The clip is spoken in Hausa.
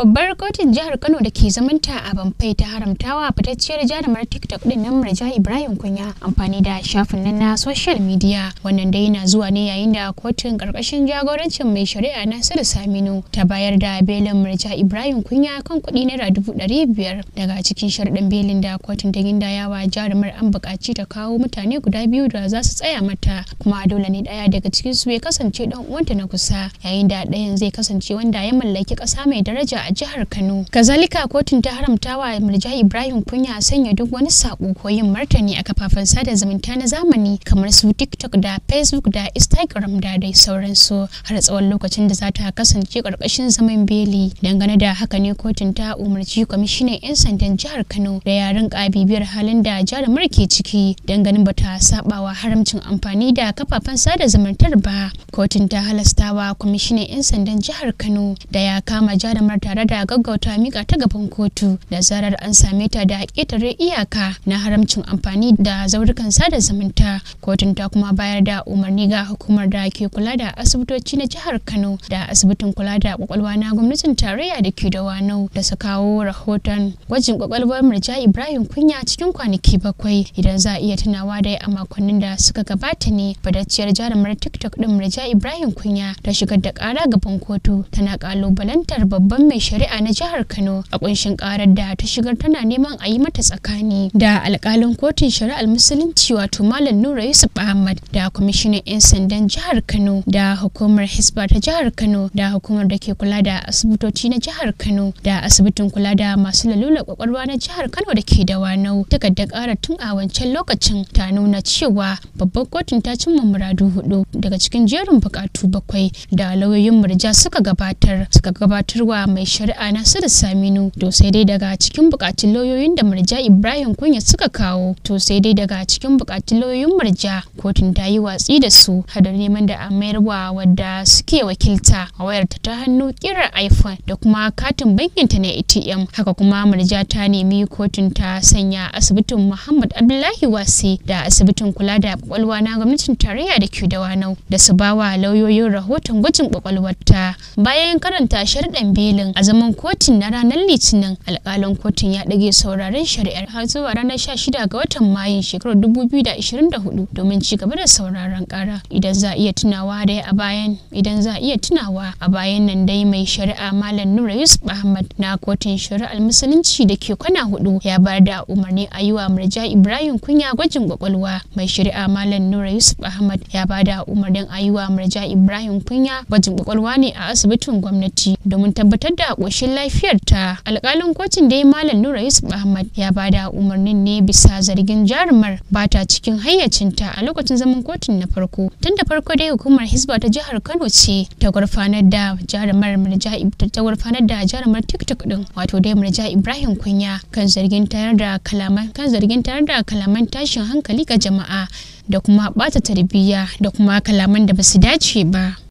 Babbar kotun jihar Kano da ke zamanta a Bamfai ta haramtawa fitacciyar jarumar TikTok din nan Murja Ibrahim Kunya amfani da shafin nan na social media. Wannan dai na zuwa ne yayin da kotun karkashin jagorancin mai shari'a Nasiru Saminu ta bayar da belin Murja Ibrahim Kunya kan kuɗi naira dubu ɗari biyar daga cikin sharɗin belin da kotun ta gindayawa jarumar an buƙaci ta kawo mutane guda biyu da za su tsaya mata kuma dole ne ɗaya daga cikin su ya kasance ɗan uwanta na kusa yayin da ɗayan zai kasance wanda ya mallaki ƙasa mai daraja a jihar Kano. Kazalika kotun ta haramta wa Murja Ibrahim Kunya sanya duk wani sako ko yin martani a kafafen sada zumunta na zamani kamar su TikTok da Facebook da Instagram da dai sauransu har tsawon lokacin da za ta kasance karkashin zaman beli. Dangane da haka ne kotun ta umarci kwamishinan 'yan sandan jihar Kano da ya rinka bibiyar halin da jarumar ke ciki danganin bata sabawa haramcin amfani da kafafen sada zumuntar ba. Kotun ta halasta halastawa kwamishinan 'yan sandan jihar Kano da ya kama jarumar tare tare da gaggauta mika ta gaban kotu da zarar an same ta da ƙetare iyaka na haramcin amfani da zaurukan sada zumunta kotun ta kuma bayar da umarni ga hukumar da ke kula da asibitoci na jihar kano da asibitin kula da kwakwalwa na gwamnatin tarayya da ke da wano da su kawo rahoton gwajin kwakwalwar murja ibrahim kunya cikin kwanaki bakwai idan za a iya tunawa dai a makonnin da suka gabata ne fadacciyar jarumar tiktok din murja ibrahim kunya ta shigar da kara gaban kotu tana kalubalantar babban mai shari'a na jihar Kano a kunshin karar da ta shigar tana neman a yi mata tsakani da alkalin kotun shari'ar musulunci wato Malam Nura Yusuf Ahmad da kwamishinan 'yan sandan jihar Kano da hukumar Hisba ta jihar Kano da hukumar da ke kula da asibitoci na jihar Kano da asibitin kula da masu lalula kwakwalwa na jihar Kano da ke da Wanau da kara tun a wancan lokacin ta nuna cewa babbar kotun ta cimma muradu hudu daga cikin jerin bukatu bakwai da lauyoyin murja suka gabatar suka gabatarwa mai shari'a na Nasiru Saminu to sai dai daga cikin bukatun lauyoyin da Murja Ibrahim Kunya suka kawo to sai dai daga cikin bukatun lauyoyin Murja kotun ta yi watsi da su hadar neman da a wa wadda suke wakilta a wayarta ta hannu kirar iPhone da kuma katin bankinta na ATM haka kuma Murja ta nemi kotun ta sanya asibitin Muhammad Abdullahi Wasi da asibitin kula da kwakwalwa na gwamnatin tarayya da ke da Wanau da su bawa lauyoyin rahoton gwajin kwakwalwarta bayan karanta sharɗan belin a zaman kotun na ranar litinin alkalin kotun ya ɗage sauraren shari'ar har zuwa ranar sha shida ga watan mayun shekarar 2024 domin ci gaba da sauraron kara idan za iya tunawa dai a bayan idan za iya tunawa a bayan nan dai mai shari'a malam nura yusuf ahmad na kotun shari'ar musulunci da ke kwana hudu ya bar da umarni a yi wa murja ibrahim kunya gwajin kwakwalwa mai shari'a malam nura yusuf ahmad ya ba da umarnin a yi wa murja ibrahim kunya gwajin kwakwalwa ne a asibitin gwamnati domin tabbatar da a lafiyar lafiyarta alƙalin kotun dai malam nura yusuf ahmad ya bada umarnin ne bisa zargin jarumar ba ta cikin hayyacinta a lokacin zaman kotun na farko tun da farko dai hukumar hisba ta jihar kano ce ta gurfanar da jarumar murja ta gurfanar da jarumar tiktok din wato dai murja ibrahim kunya kan zargin tayar da kalaman kan zargin tayar da kalaman tashin hankali ga jama'a da kuma bata tarbiyya da kuma kalaman da basu dace ba.